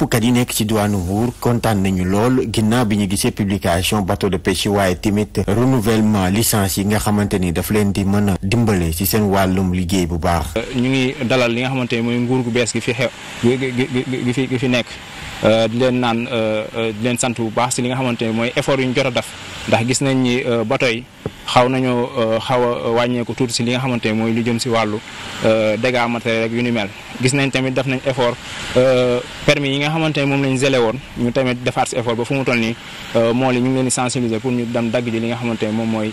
nappkat yi nekk ci diwaanu Mbour kontaan nañu lool ginnaaw bi ñu gisee publication bato de pêche waaye tamit renouvellement licence yi nga xamante ni daf leen di mën a dimbale ci seen wàllum liggéey bu baax. ñu ngi dalal li nga xamante ni mooy nguur gu bees gi fi xew gi fi gi fi nekk euh, leen naan euh, euh, di leen sant bu baax si li nga xamante ni mooy effort yu ñu jot a def. ndax gis nañ ni euh, bato yi xaw nañoo euh, xaw a wàññeeku tuuti si li nga xamante ne mooy lu jëm si wàllu euh, dégâts matériels rek yu ni mel. gis nañ tamit def nañ effort permis yi nga xamante ne moom lañu zélé woon ñu tamit defaat si effort ba fu mu toll nii mool yi ñu ngi leen di sensibiliser pour ñu dem dagg ji li nga xamante ne moom mooy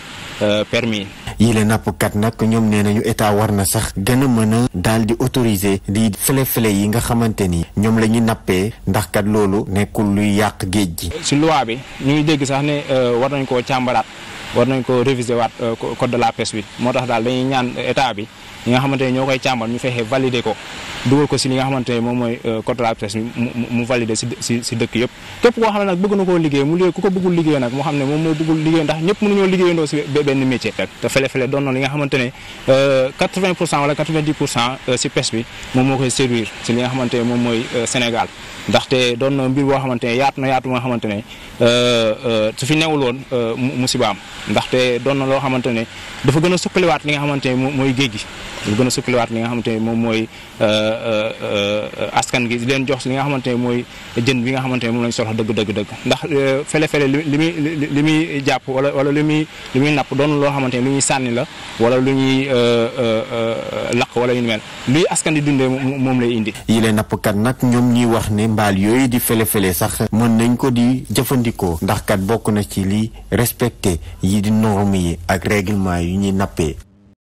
permis yi. yi la nappkat nag ñoom nee nañu état war na sax gën a mën a daal di autoriser di fële fele yi nga xamante ni ñoom la ñuy nappee ndax kat loolu nekkul luy yàq géej gi. si loi bi ñuy dégg sax ne euh, war nañ koo càmbaraat war nañ ko réviser waat euh, code de la pêche bi moo tax daal dañuy ñaan état bi ñi nga xamante ne ñoo koy càmbar ñu fexe valider ko. dugal ko si li nga xamante ne moom mooy euh, code de la presse mu mu si si dëkk yëpp képp koo xam ne nag bëgg na koo liggéey mu liggéey ku ko bëggul liggéey nag moo xam ne moom moo bëggul liggéey ndax ñëpp mënuñoo liggéeyandoo si benn métier rek nga xamante ne 80 euh, pour cent wala 90 pour cent euh, si presse bi moom moo koy servir si nga xamante ne mooy Sénégal ndaxte doon na mbir boo xamante ne yaatu na yaatu nga xamante ne su fi newul woon musibaam ndaxte doon na loo xamante ne dafa gën a sukkaliwaat li nga xamante ne mooy géej gi ñu gën a sukkaliwaat li nga xamante ne moom mooy euh, euh, euh, askan gi di leen jox li nga xamante ne mooy jën bi nga xamante ne moom lañ soxla dëgg dëgg dëgg ndax fele-fele li muy li muy jàpp wala wala li muy li muy napp doon loo xamante ne lu ñuy sànni la wala lu ñuy laq wala yu mel luy askan di dundee moom lay indi yi leen nappkat nag ñoom ñuy wax ni mbaal yooyu di fele-fele sax mën nañ ko di jëfandikoo ndax kat bokk na ci li respecte yi di norme yi ak règlement yu ñuy nappee